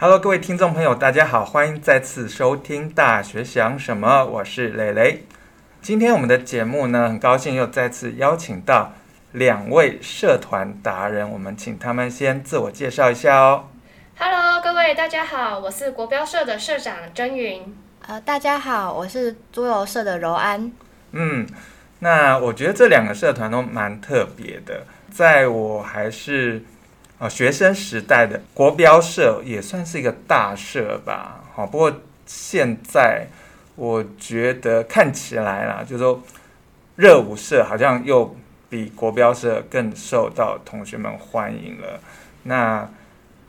Hello，各位聽眾朋友，大家好，歡迎再次收聽《大學想什麼》，我是蕾蕾。今天我們的節目呢，很高興又再次邀請到兩位社團達人，我們請他們先自我介紹一下哦。Hello，各位，大家好，我是國標社的社長蓁昀。呃，大家好，我是桌遊社的柔安。嗯，那我覺得這兩個社團都蠻特別的，在我還是。啊，學生時代的國標社也算是一個大社吧。好，不過現在我覺得看起來啦，就是說熱舞社好像又比國標社更受到同學們歡迎了。那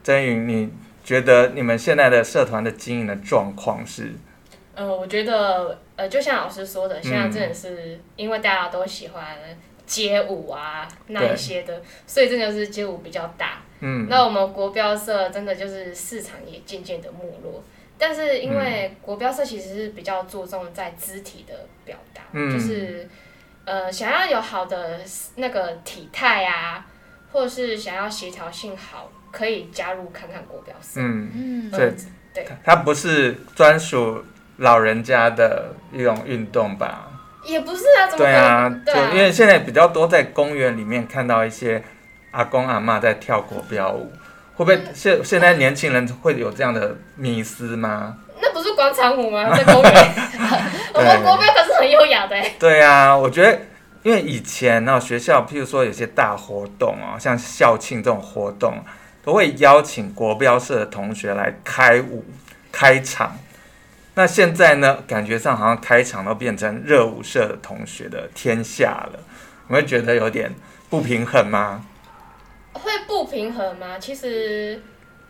蓁昀，你覺得你們現在的社團的經營的狀況是？呃，我覺得呃，就像老師說的，現在真的是因為大家都喜歡。街舞啊，那一些的，所以真的是街舞比較大。嗯，那我們國標社真的就是市場也漸漸的沒落。但是因為國標社其實是比較注重在肢體的表達，嗯、就是呃想要有好的那個體態啊，或者是想要協調性好，可以加入看看國標社。嗯，嗯。對，它不是專屬老人家的一種運動吧？也不是啊，對啊，就、啊、因為現在比較多在公園裡面看到一些阿公阿嬤在跳國標舞，會不會現現在年輕人會有這樣的迷思嗎？那不是廣場舞嗎？在公園，我 們、 嗯、國標可是很優雅的、欸。對啊，我覺得因為以前呢、哦，學校譬如說有些大活動啊、哦，像校慶這種活動，都會邀請國標社的同學來開舞開場。那現在呢？感覺上好像開場都變成熱舞社的同學的天下了，你會覺得有點不平衡嗎？會不平衡嗎？其實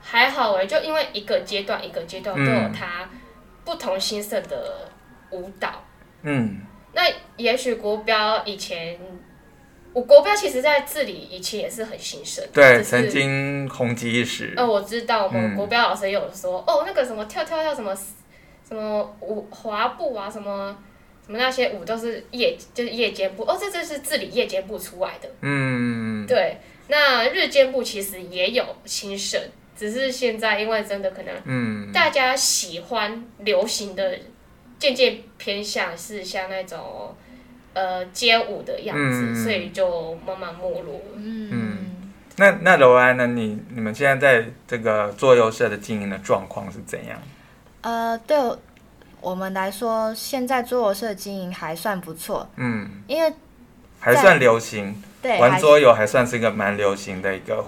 還好誒、欸，就因為一個階段一個階段都有他不同心色的舞蹈。嗯，那也許國標以前，我國標其實在這裡以前也是很興盛的，對，曾經紅極一時。哦、呃，我知道，我們國標老師也有說、嗯、哦，那個什麼跳跳跳什麼。什麼舞滑步啊，什麼什麼那些舞都是夜，就是夜間部哦，這這是自裡夜間部出來的。嗯，對。那日間部其實也有新設，只是現在因為真的可能，嗯，大家喜歡流行的漸漸偏向是像那種呃街舞的樣子，嗯、所以就慢慢沒落嗯，嗯，那那柔安呢？你你們現在在這個桌遊社的經營的狀況是怎樣？呃，對我們來說，現在桌遊社的經營還算不錯。嗯，因為還算流行，對，玩桌遊還算是一個蠻流行的一個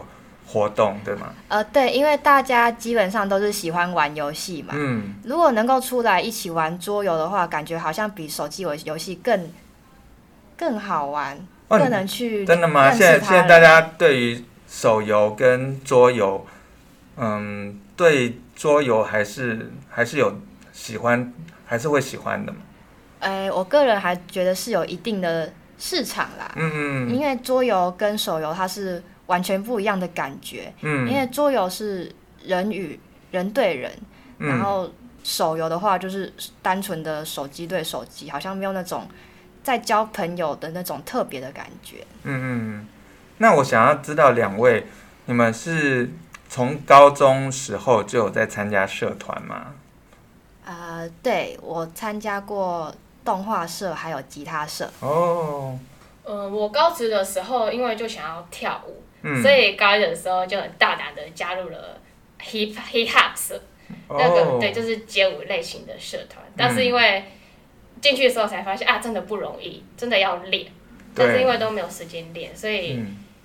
活動，對嗎？呃，對，因為大家基本上都是喜歡玩遊戲嘛。嗯，如果能夠出來一起玩桌遊的話，感覺好像比手機遊遊戲更更好玩，更能去、嗯、真的嗎？現在現在大家對於手遊跟桌遊，嗯。對桌遊還是還是有喜歡，還是會喜歡的嗎？哎、欸，我個人還覺得是有一定的市場啦。嗯嗯。因為桌遊跟手遊它是完全不一樣的感覺。嗯。因為桌遊是人與人對人，嗯、然後手遊的話就是單純的手機對手機，好像沒有那種在交朋友的那種特別的感覺。嗯嗯嗯。那我想要知道兩位，你們是。從高中時候就有在參加社團嗎？啊、呃，對，我參加過動畫社，還有吉他社。哦。嗯、呃，我高職的時候，因為就想要跳舞，嗯、所以高一的時候就很大膽的加入了 hip hop 社，哦，那個對，就是街舞類型的社團，嗯。但是因為進去的時候才發現啊，真的不容易，真的要練。但是因為都沒有時間練，所以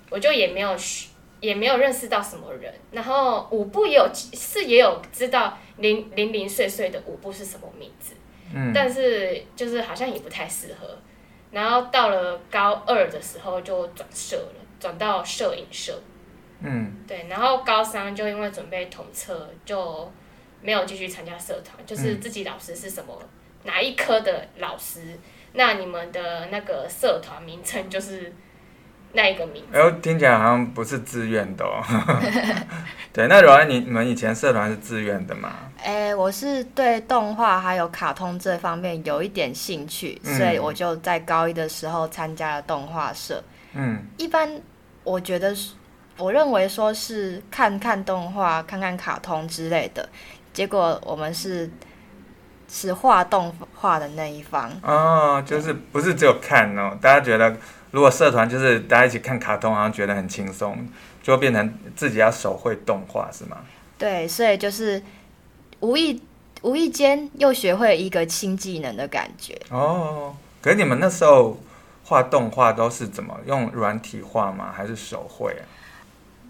我就也沒有學。也沒有認識到什麼人，然後舞步也有是也有知道零零零碎碎的舞步是什麼名字，嗯，但是就是好像也不太適合。然後到了高二的時候就轉社了，轉到攝影社，嗯，對。然後高三就因為準備統測，就沒有繼續參加社團，就是自己老師是什麼，嗯，哪一科的老師，那你們的那個社團名稱就是。那一個名字，哎，聽起來好像不是自願的哦。 對，那柔安你你們以前社團是自願的嗎？哎、欸，我是對動畫還有卡通這方面有一點興趣，嗯、所以我就在高一的時候參加了動畫社。嗯，一般我覺得是，我認為說是看看動畫、看看卡通之類的。結果我們是是畫動畫的那一方。哦、嗯，就是不是只有看哦？大家覺得？如果社團就是大家一起看卡通，好像覺得很輕鬆，就會變成自己要手繪動畫是嗎？對，所以就是無意無意間又學會一個新技能的感覺。哦，可是你們那時候畫動畫都是怎麼用軟體畫嗎？還是手繪啊？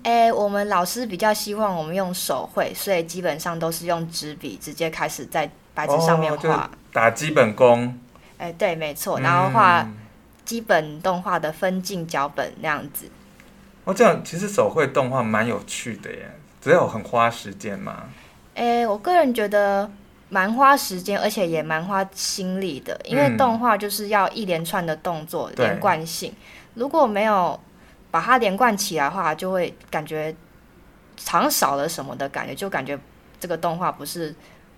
欸，我們老師比較希望我們用手繪，所以基本上都是用紙筆直接開始在白紙上面畫，哦，打基本功。欸，對，沒錯，然後畫，嗯。基本動畫的分鏡腳本那樣子，哦，這樣其實手繪動畫蠻有趣的耶，只有很花時間嗎？哎、欸，我個人覺得蠻花時間，而且也蠻花心力的，因為動畫就是要一連串的動作、嗯、連貫性，如果沒有把它連貫起來的話，就會感覺好像少了什麼的感覺，就感覺這個動畫不是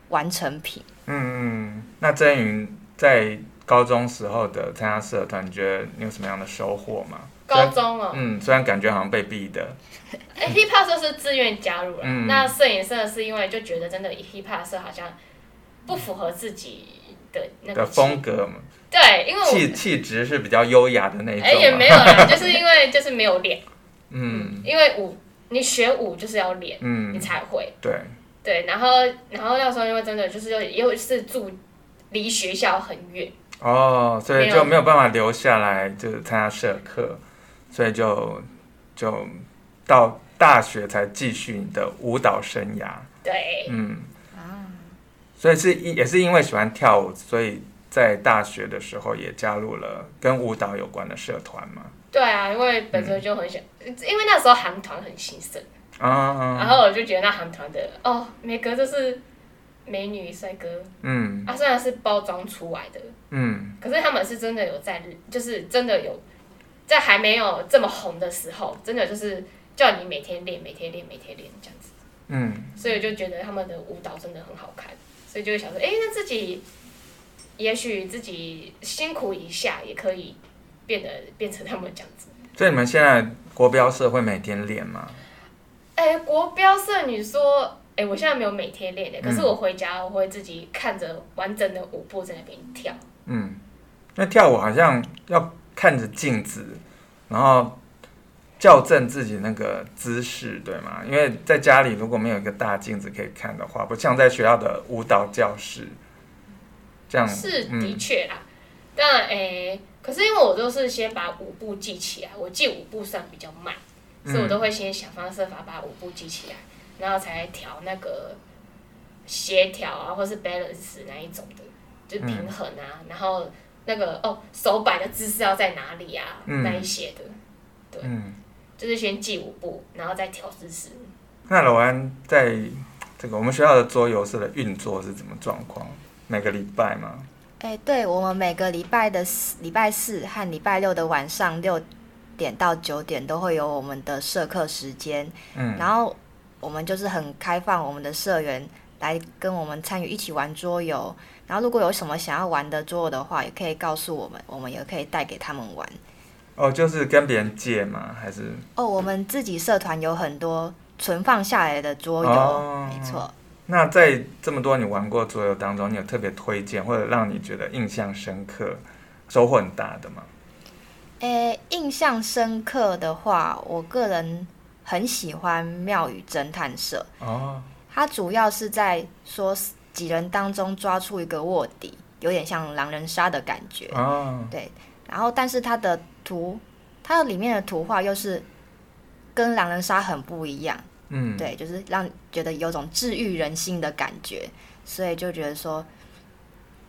完成品。嗯嗯，那蓁昀在。高中時候的參加社團，你覺得你有什麼樣的收穫嗎？高中哦、啊，嗯，雖然感覺好像被逼的、欸嗯欸、，hiphop 社是自願加入了、嗯，那攝影社是因為就覺得真的 hiphop 社、嗯、好像不符合自己的那個的風格嘛？對，因為氣氣質是比較優雅的那一種，哎、欸，也沒有啦， 就是因為就是沒有練、嗯，嗯，因為舞你學舞就是要練，嗯，你才會，對對，然後然後那時候因為真的就是又又是住離學校很遠。哦，所以就沒有辦法留下來，就是參加社課，所以就就到大學才繼續你的舞蹈生涯。對，嗯，所以是也是因為喜歡跳舞，所以在大學的時候也加入了跟舞蹈有關的社團嘛。對啊，因為本身就很喜歡，嗯，因為那時候韓團很興盛啊，哦，然後我就覺得那韓團的哦，每個都是。美女帥哥，嗯，啊，雖然是包裝出來的，嗯，可是他們是真的有在，就是真的有在還沒有這麼紅的時候，真的就是叫你每天練，每天練，每天練這樣子，嗯，所以我就覺得他們的舞蹈真的很好看，所以就想說，欸，那自己也許自己辛苦一下也可以變得變成他們這樣子。所以你們現在國標社會每天練嗎？欸，國標社你說？哎，我現在沒有每天練的，可是我回家我會自己看着完整的舞步在那邊跳。嗯，那跳舞好像要看着鏡子，然後校正自己那個姿勢，對嗎？因為在家裡如果沒有一個大鏡子可以看的話，不像在學校的舞蹈教室這樣、嗯。是的確啦，但，哎，可是因為我都是先把舞步記起來，我記舞步算比較慢、嗯，所以我都會先想方設法把舞步記起來。然後才調那個協調啊，或是 balance 那一種的，就是、平衡啊、嗯。然後那個哦，手擺的姿勢要在哪裡啊、嗯？那一些的，對、嗯，就是先記舞步，然後再調姿勢。那柔安在這個我們學校的桌遊社的運作是怎麼狀況？每個禮拜嗎？哎、欸，對我們每個禮拜的禮拜四和禮拜六的晚上六點到九點都會有我們的社課時間，嗯，然後。我們就是很開放，我們的社員來跟我們參與一起玩桌遊。然後，如果有什麼想要玩的桌遊的話，也可以告訴我們，我們也可以帶給他們玩。哦，就是跟別人借嗎？還是？哦，我們自己社團有很多存放下來的桌遊，哦，沒錯。那在這麼多你玩過桌遊當中，你有特別推薦或者讓你覺得印象深刻、收穫很大的嗎？誒，印象深刻的話，我個人。很喜歡《妙語偵探社》，哦，它主要是在說幾人當中抓出一個臥底，有點像狼人殺的感覺，oh. 對。然後，但是它的圖，它的裡面的圖畫又是跟狼人殺很不一樣，嗯、mm.，對，就是讓覺得有種治癒人心的感覺，所以就覺得說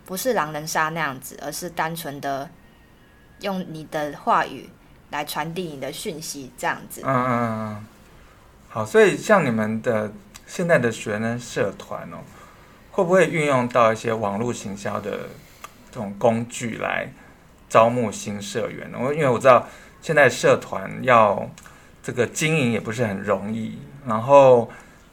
不是狼人殺那樣子，而是單純的用你的話語。來傳遞你的訊息，這樣子嗯。嗯嗯嗯嗯，好。所以像你們的現在的學生社團哦，會不會運用到一些網絡行銷的這種工具來招募新社員呢？我因為我知道現在社團要這個經營也不是很容易。然後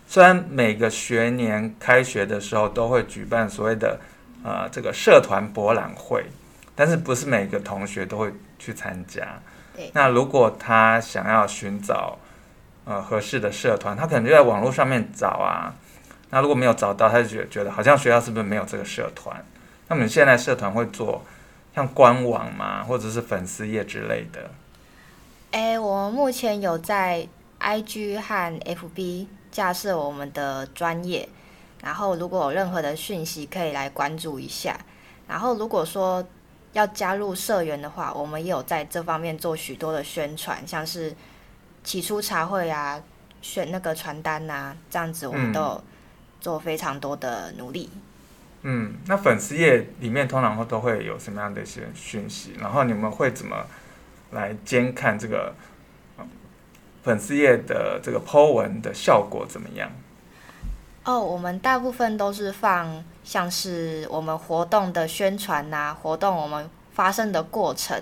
雖然每個學年開學的時候都會舉辦所謂的啊、呃、這個社團博覽會，但是不是每個同學都會去參加。那如果他想要尋找呃合適的社團，他可能就在網絡上面找啊。那如果沒有找到，他就覺得好像學校是不是沒有這個社團？那我們現在社團會做像官網嘛，或者是粉絲頁之類的。誒、欸，我們目前有在 IG 和 FB 架設我們的專業，然後如果有任何的訊息可以來關注一下。然後如果說。要加入社員的話，我們也有在這方面做許多的宣傳，像是起初茶會啊，選那個傳單啊，這樣子我們都做非常多的努力。嗯，嗯，那粉絲頁裡面通常都會有什麼樣的一些訊息？然後你們會怎麼來監看這個粉絲頁的這個 Po 文的效果怎麼樣？哦，我們大部分都是放像是我們活動的宣傳啊，活動我們發生的過程。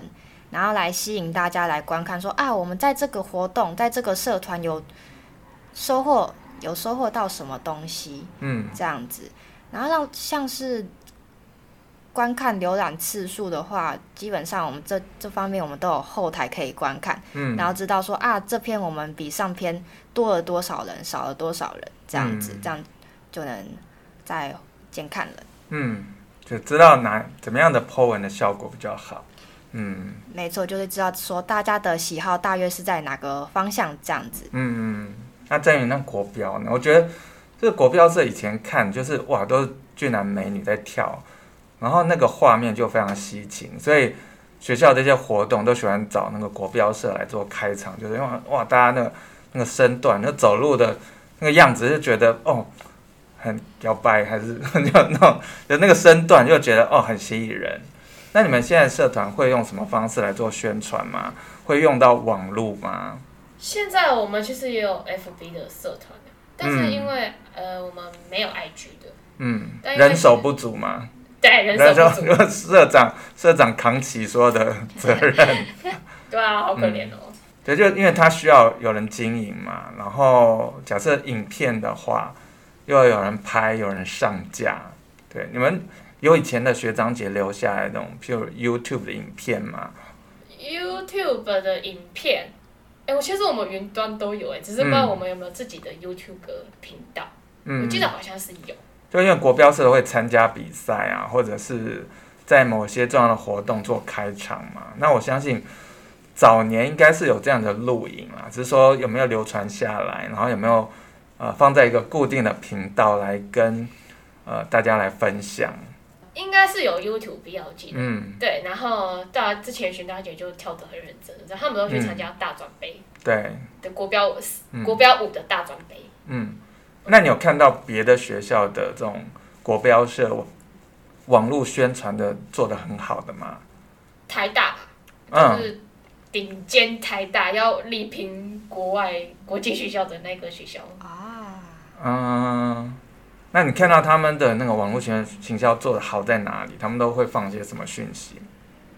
然後來吸引大家來觀看說，說啊，我們在這個活動，在這個社團有收穫，有收穫到什麼東西，嗯，這樣子，然後讓像是觀看瀏覽次數的話，基本上我們這這方面我們都有後台可以觀看，嗯，然後知道說啊，這篇我們比上篇多了多少人，少了多少人，這樣子，這樣。就能再監看了，嗯，就知道哪怎麼樣的 PO 文的效果比較好，嗯，沒錯，就是知道說大家的喜好大約是在哪個方向這樣子，嗯嗯，那在於那國標呢？我覺得這個、就是、國標社以前看就是哇，都是俊男美女在跳，然後那個畫面就非常吸睛，所以學校這些活動都喜歡找那個國標社來做開場，就是因為哇，大家那個那個身段，那個、走路的那個樣子就覺得哦。很搖擺，還是很有 那的那個身段，又覺得哦很吸引人。那你們現在社團會用什麼方式來做宣傳嗎？會用到網路嗎？現在我們其實也有 FB 的社團，嗯，但是因為呃我們沒有 IG 的，嗯，人手不足嘛。對人手不足，就社長社長扛起所有的責任， 對啊，好可憐哦。對，嗯，就因為他需要有人經營嘛。然後假設影片的話。又要有人拍，有人上架，對，你們有以前的學長姐留下來的那種，譬如 YouTube 的影片嗎？YouTube 的影片，哎，我其實我們雲端都有、欸，哎，只是不知道我們有沒有自己的 YouTube 的頻道、嗯。我記得好像是有，就因為國標社會參加比賽啊，或者是在某些重要的活動做開場嘛。那我相信早年應該是有這樣的錄影啦、啊，只是說有沒有流傳下來，然後有沒有？呃、放在一個固定的頻道來跟、呃、大家來分享，應該是有 YouTube 比較近，嗯，對。然後，大家之前尋大姐就跳得很認真，然後他們都去參加大專杯、嗯，對，的、嗯、國標國標舞的大專杯，嗯。那你有看到別的學校的這種國標社網路宣傳的做得很好的嗎？台大，就是頂尖台大，嗯、要力拼國外國際學校的那個學校啊。嗯、uh，那你看到他們的那個網絡行行銷做的好在哪裡？他們都會放些什麼訊息？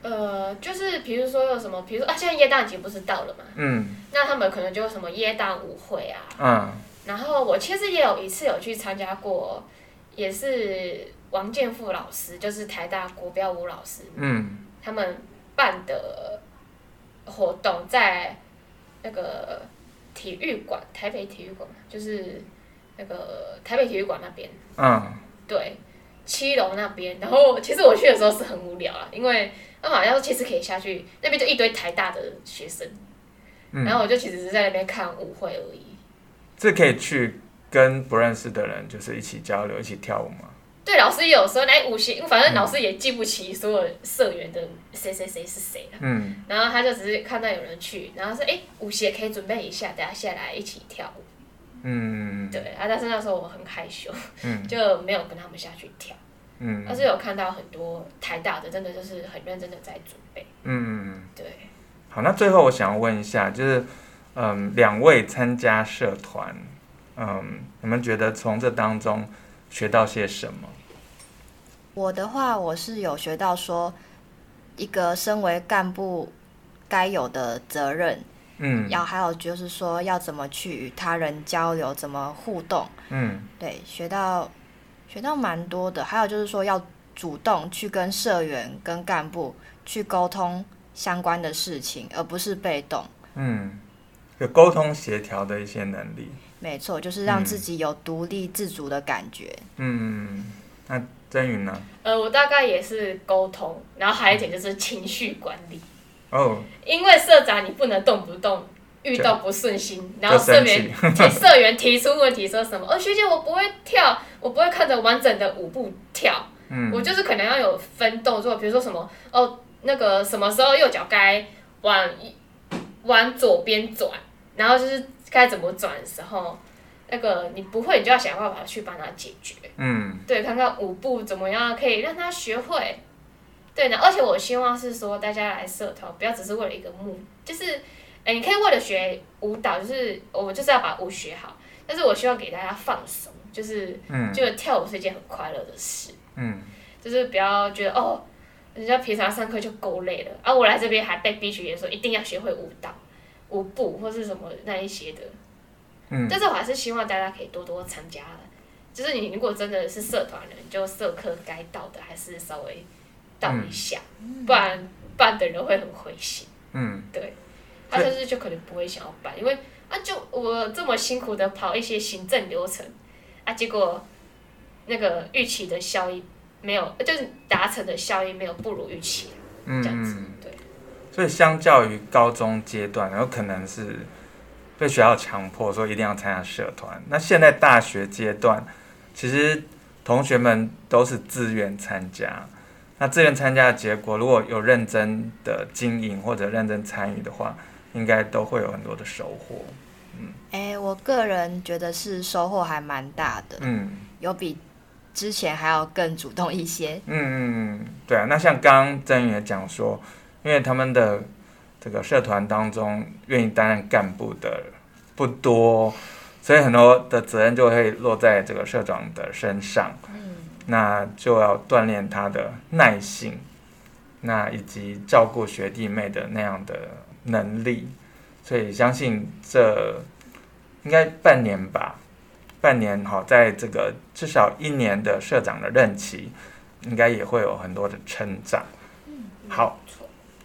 呃，就是比如說有什麼，比如說啊，現在耶誕節不是到了嘛？嗯，那他們可能就有什麼耶誕舞會啊。嗯，然後我其實也有一次有去參加過，也是王建富老師，就是台大國標舞老師，嗯，他們辦的活動在那個體育館，台北體育館，就是。那個台北體育館那邊，嗯，對，七樓那邊，然後其實我去的時候是很無聊啦，因為那好像其實可以下去那邊就一堆台大的學生，嗯，然後我就其實是在那邊看舞會而已。這可以去跟不認識的人就是一起交流一起跳舞嗎？對，老師有時候來舞鞋，反正老師也記不起所有社員的誰誰誰是誰了，嗯，然後他就只是看到有人去，然後說哎舞鞋可以準備一下，等下下來一起跳舞。嗯，對啊，但是那時候我很害羞，嗯、 就沒有跟他們下去跳。嗯，但是有看到很多台大的，真的就是很認真的在準備。嗯，對。好，那最後我想要問一下，就是嗯，兩位參加社團，嗯，你們、嗯、覺得從這當中學到些什麼？我的話，我是有學到說，一個身為幹部該有的責任。嗯，然後還有就是說要怎麼去與他人交流，怎麼互動，嗯，對，學到學到蠻多的。還有就是說要主動去跟社員、跟幹部去溝通相關的事情，而不是被動。嗯，有溝通協調的一些能力，沒錯，就是讓自己有獨立自主的感覺。嗯，嗯，那蓁昀呢？呃，我大概也是溝通，然後還有一點就是情緒管理。哦、oh,，因為社長，你不能動不動遇到不順心，然後社員提社員提出問題，說什麼？ 哦，學姐，我不會跳，我不會看着完整的舞步跳，嗯，我就是可能要有分動作，比如說什麼？哦，那個什麼時候右腳該往往左邊轉，然後就是該怎麼轉的時候，那個你不會，你就要想要辦法去幫他解決。嗯，對，看看舞步怎麼樣，可以讓他學會。對的，而且我希望是說大家來社團不要只是為了一個目，就是，哎，你可以為了學舞蹈，就是我就是要把舞學好。但是我希望給大家放鬆，就是，嗯，就是、跳舞是一件很快樂的事，嗯，就是不要覺得哦，人家平常上課就夠累了啊，我來這邊還被逼學員說一定要學會舞蹈，舞步或是什麼那一些的，嗯，但是我還是希望大家可以多多參加，就是你如果真的是社團人，就社課該到的還是稍微。到一下，嗯、不然辦的人會很灰心。嗯，對，他甚、啊就是就可能不會想要辦，因為啊，就我這麼辛苦的跑一些行政流程，啊，結果那個預期的效益沒有，就是達成的效益沒有不如預期。嗯這樣子，對。所以相較於高中階段，有可能是被學校強迫說一定要參加社團，那現在大學階段，其實同學們都是自願參加。那自願參加的結果，如果有認真的經營或者認真參與的話，應該都會有很多的收穫。嗯，哎、欸，我個人覺得是收穫還蠻大的。嗯，有比之前還要更主動一些。嗯嗯嗯，對啊。那像剛剛蓁昀也講說，因為他們的這個社團當中願意擔任幹部的不多，所以很多的責任就會落在這個社長的身上。嗯那就要鍛鍊他的耐性，那以及照顧學弟妹的那樣的能力，所以相信這應該半年吧，半年好，在這個至少一年的社長的任期，應該也會有很多的成長。好，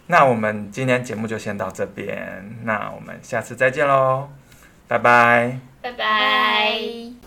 那我們今天節目就先到這邊，那我們下次再見嘍，拜拜，拜拜。拜拜。